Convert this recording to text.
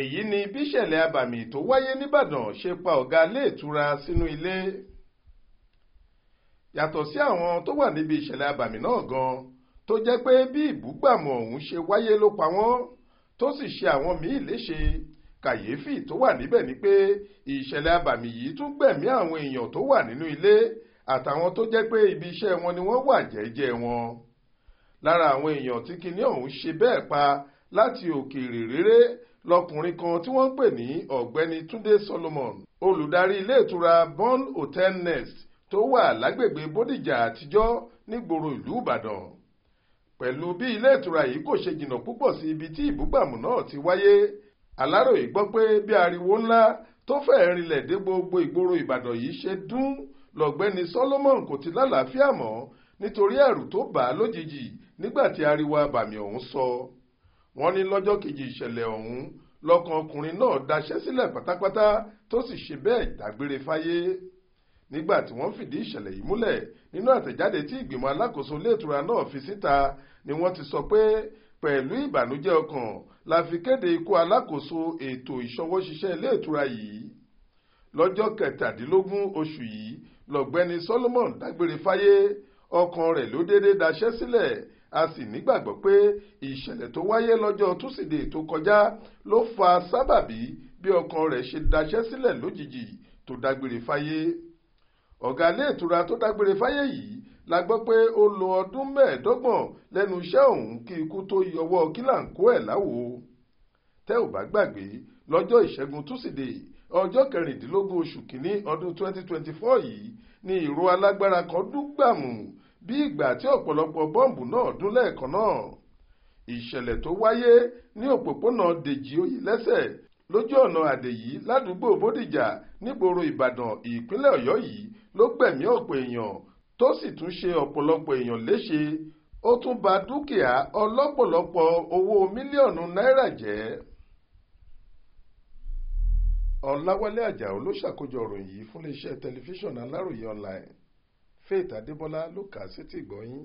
èyí ni bíṣẹ̀lẹ̀ abàmì tó wáyé nìbàdàn ṣe pa ọ̀gá ilé ìtura sínú ilé yàtọ̀ sí àwọn tó wà níbi ìṣẹ̀lẹ̀ abàmì náà gan tó jẹ́ pé bí ìbúgbàmù ọ̀hún ṣe wáyé ló pa wọ́n tó sì ṣe àwọn míì léṣe kàyéfì tó wà níbẹ̀ ni pé ìṣẹ̀lẹ̀ abàmì yìí tún gbẹ̀mí àwọn èèyàn tó wà nínú ilé àtàwọn tó jẹ́ pé ibi iṣẹ́ wọn ni wọ́n wà jẹ́jẹ́ wọn lára àwọn èèyàn tí kinní ọ̀hún ṣe bẹ́ẹ̀ pa láti òkèèrè réré lọkùnrin kan tí wọ́n ń pè ní ọ̀gbẹ́ni túndé solomon olùdarí ilé ìtura bon hotel nest tó wà lágbègbè bódìjà àtijọ́ nígboro ìlú ìbàdàn pẹ̀lú bí ilé ìtura yìí kò ṣe jìnnà púpọ̀ sí ibi tí ìbúgbàmù náà ti wáyé aláròyé gbọ́ pé bí ariwo ńlá tó fẹ́ẹ́ rinlẹ̀ dé gbogbo ìgboro ìbàdàn yìí ṣe dún lọ̀gbẹ́ni solomon kò ti lálàáfíà mọ́ nítorí ẹ̀rù tó bà á lójijì nígbà tí ariwo abàmì ọ̀hún sọ. So wọ́n ní lọ́jọ́ kejì ìṣẹ̀lẹ̀ ọ̀hún lọ́kàn ọkùnrin náà daṣẹ́ sílẹ̀ pátápátá tó sì ṣe bẹ́ẹ̀ dágbére fáyé nígbà tí wọ́n fìdí ìṣẹ̀lẹ̀ yìí múlẹ̀ nínú àtẹ̀jáde tí ìgbìmọ̀ alákòóso ilé ìtura náà fi síta ni wọ́n ti sọ pé pẹ̀lú ìbànújẹ́ ọkàn la fi kéde ikú alákòóso ètò ìṣọwọ́ṣiṣẹ́ ilé yìí lọ́jọ́ kẹtàdínlógún oṣù yìí lọ́gbẹ́ni Solomon dágbére fáyé ọkàn rẹ̀ ló déédéé daṣẹ́ sílẹ̀ a sì nígbàgbọ́ pé ìṣẹ̀lẹ̀ tó wáyé lọ́jọ́ túsídẹ̀ẹ́ tó kọjá ló fa sábàbí bí ọkàn rẹ̀ ṣe daṣẹ́ sílẹ̀ lójijì tó dágbére fáyé ọ̀gá ilé ìtura tó dágbére fáyé yìí la gbọ́ pé ó lo ọdún mẹ́ẹ̀ẹ́dọ́gbọ̀n lẹ́nu iṣẹ́ òun kí ikú tó yọwọ́ kílàǹkó ẹ̀ láwo tẹ́ ò bá gbàgbé lọ́jọ́ ìṣẹ́gun túsídẹ̀ẹ́ ọjọ́ kẹrìndínlógún oṣù kìíní ọdún 2024 yìí ni ìró alágbára kan dúgbàmù bí ìgbà tí ọ̀pọ̀lọpọ̀ bọ́ǹbù náà dún lẹ́ẹ̀kan náà ìṣẹ̀lẹ̀ tó wáyé ní òpópónà dèjì oyè lẹ́sẹ̀ lójú ọ̀nà àdèyí ládùúgbò bódìjà nígboro ìbàdàn ìpínlẹ̀ ọ̀yọ́ yìí ló gbẹ̀mí ọ̀pọ̀ èèyàn tó sì tún ṣe ọ̀pọ̀lọpọ̀ èèyàn léṣe ó tún ba dúkìá ọlọ́pọ̀lọpọ̀ owó mílíọ̀nù náírà jẹ́ ọ̀làwálé àjàó ló ṣàkójọ ìròyìn yìí fún iléeṣẹ́ tẹlifíṣàn aláròye online Faith Adébọlá ló kà á sétígbọ̀ọ́ yín